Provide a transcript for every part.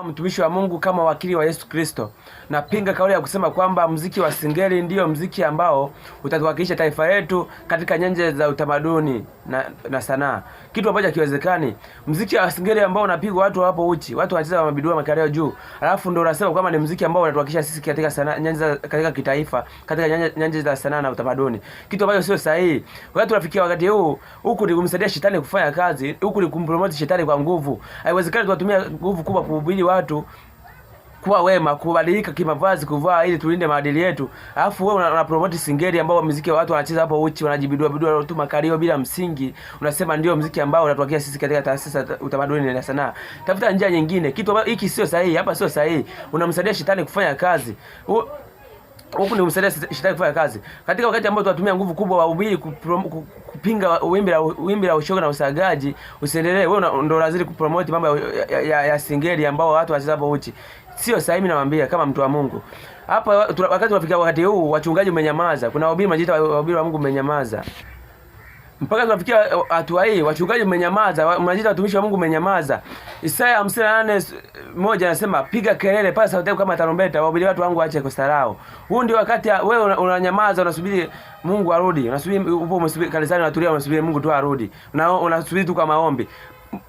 kama mtumishi wa Mungu, kama wakili wa Yesu Kristo, napinga kauli ya kusema kwamba mziki wa singeli ndiyo mziki ambao utatuwakilisha taifa letu katika nyanja za utamaduni na, na sanaa, kitu ambacho hakiwezekani. Mziki wa singeli ambao unapigwa watu wapo uchi, watu wanacheza wa mabidua makalio juu, alafu ndio unasema kwamba ni mziki ambao unatuwakilisha sisi katika sanaa, nyanja katika kitaifa, katika nyanja, nyanja za sanaa na utamaduni, kitu ambacho sio sahihi. Wakati tunafikia wakati huu, huku ni kumsaidia shetani kufanya kazi, huku ni kumpromote shetani kwa nguvu. Haiwezekani tuwatumia nguvu kubwa kuhubiri watu kuwa wema, kubadilika kimavazi, kuvaa ili tulinde maadili yetu. Alafu wewe unapromote singeli ambao muziki wa watu wanacheza hapo uchi, wanajibidua bidua tu makario bila msingi. Unasema ndio muziki ambao unatuakia sisi katika taasisi ya utamaduni na sanaa. Tafuta njia nyingine. Kitu hiki sio sahihi, hapa sio sahihi. Unamsaidia shetani kufanya kazi. U huku ni kumsaidia shetani kufanya kazi katika wakati ambao tunatumia nguvu kubwa wahubiri kupinga wimbi la wimbi la ushoga na usagaji usiendelee. Wewe ndio lazima kupromote mambo ya, ya, ya, ya singeli ambao watu wachezapo uchi, sio sahihi. Nawaambia kama mtu wa Mungu hapa, wakati tunafika wakati huu, wachungaji umenyamaza, kuna wahubiri majita, wahubiri wa Mungu umenyamaza mpaka tunafikia eh, hatua hii, wachungaji mmenyamaza, mnajita watumishi wa Mungu mmenyamaza. Isaya hamsini na nane moja anasema piga kelele, paza sauti kama tarumbeta, wahubiri watu wangu waache kosa Huu ndio wakati wewe unanyamaza, unasubiri Mungu arudi, unasubiri upo kanisani, unatulia, unasubiri Mungu tu arudi, unasubiri tu kwa maombi.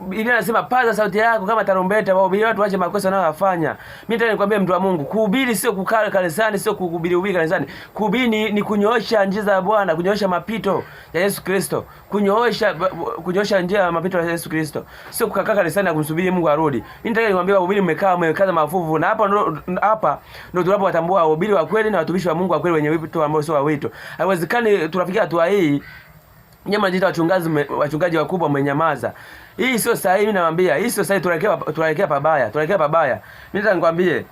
Biblia nasema paza sauti yako kama tarumbeta, wahubiri watu waache makosa wanayoyafanya. Mimi tena nikwambie mtu wa Mungu, kuhubiri sio kukaa kanisani, sio kuhubiri hubiri kanisani. Kuhubiri ni, ni kunyoosha njia za Bwana, kunyoosha mapito ya Yesu Kristo, kunyoosha kunyoosha njia ya mapito ya Yesu Kristo, sio kukaa kanisani na kumsubiri Mungu arudi. Mimi tena nikwambie, wahubiri mmekaa mmekaza mafuvu, na hapa hapa ndio tunapowatambua wahubiri wa kweli na watumishi wa Mungu wa kweli wenye wito ambao sio wa wito. Haiwezekani tunafikia hatua hii Nyama jita wachungaji wachungaji wakubwa mwenyamaza. Hii sio sahihi, mimi nawaambia, hii sio sahihi, tunaelekea tunaelekea pabaya, tunaelekea pabaya. Mimi nataka nikwambie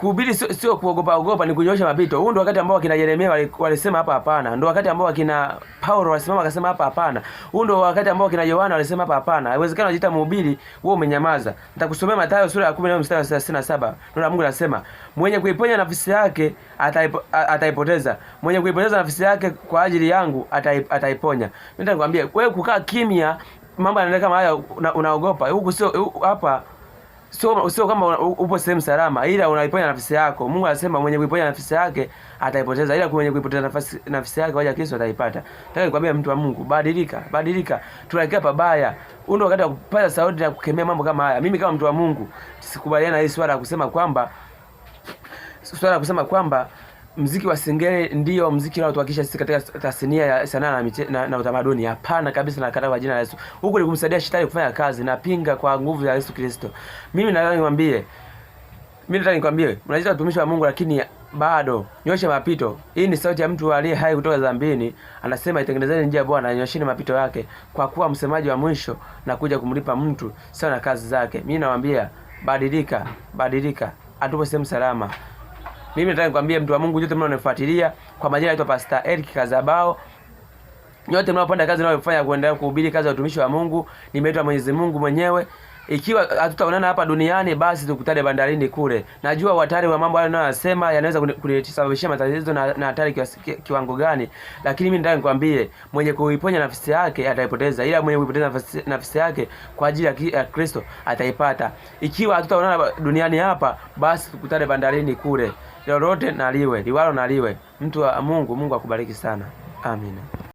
kuhubiri sio sio kuogopa ogopa, ni kunyosha mapito. Huu ndio wakati ambao akina Yeremia walisema hapa hapana, ndio wakati ambao akina Paulo walisimama akasema hapa hapana. Huu ndio wakati ambao akina Yohana walisema hapa hapana. Haiwezekani unajiita mhubiri wewe umenyamaza. Nitakusomea Mathayo sura ya 10 na mstari wa 37. Neno la Mungu linasema, mwenye kuiponya nafsi yake ataipo, ataipoteza. Mwenye kuipoteza nafsi yake kwa ajili yangu ataiponya. Mimi nitakwambia, wewe kukaa kimya mambo yanaenda kama haya, unaogopa huku. Sio hapa, sio sio kama upo sehemu salama, ila unaiponya nafsi yako. Mungu anasema mwenye kuiponya nafsi yake ataipoteza, ila mwenye kuipoteza nafsi nafsi yake waje Kristo ataipata. Nataka nikwambia mtu wa Mungu, badilika, badilika, tunaelekea pabaya. Huu ndio wakati wa kupata sauti na kukemea mambo kama haya. Mimi kama mtu wa Mungu sikubaliana na hii swala kusema kwamba swala kusema kwamba mziki wa singeli ndio mziki unaotuhakikisha sisi katika tasnia ya sanaa na, na, na utamaduni. Hapana kabisa, nakataa kwa jina la Yesu. Huku ni kumsaidia shetani kufanya kazi, napinga kwa nguvu ya Yesu Kristo. Mimi nataka nikwambie, mimi nataka nikwambie, mnajiita mtumishi wa Mungu lakini bado nyosha mapito. Hii ni sauti ya mtu aliye hai kutoka dhambini, anasema itengenezeni njia ya Bwana, nyosheni mapito yake, kwa kuwa msemaji wa mwisho na kuja kumlipa mtu sawa na kazi zake. Mimi nawaambia, badilika, badilika, atupo sehemu salama. Mimi nataka nikwambie mtu wa Mungu, yote mnao nifuatilia kwa majina naitwa Pastor Eric Kazabao. Nyote mnaopanda kazi nayofanya kuendelea kuhubiri kazi ya utumishi wa Mungu, nimeitwa Mwenyezi Mungu mwenyewe. Ikiwa hatutaonana ah, hapa duniani, basi tukutane bandarini kule. Najua hatari wa mambo hayo ninayoyasema yanaweza kunisababishia matatizo na, na hatari kiwango gani, lakini mimi nataka nikwambie, mwenye kuiponya nafsi yake ataipoteza, ila mwenye kuipoteza nafsi, nafsi yake kwa ajili ya Kristo ataipata. Ikiwa hatutaonana duniani hapa, basi tukutane bandarini kule lolote na liwe liwalo na liwe mtu wa Mungu. Mungu akubariki sana, amina.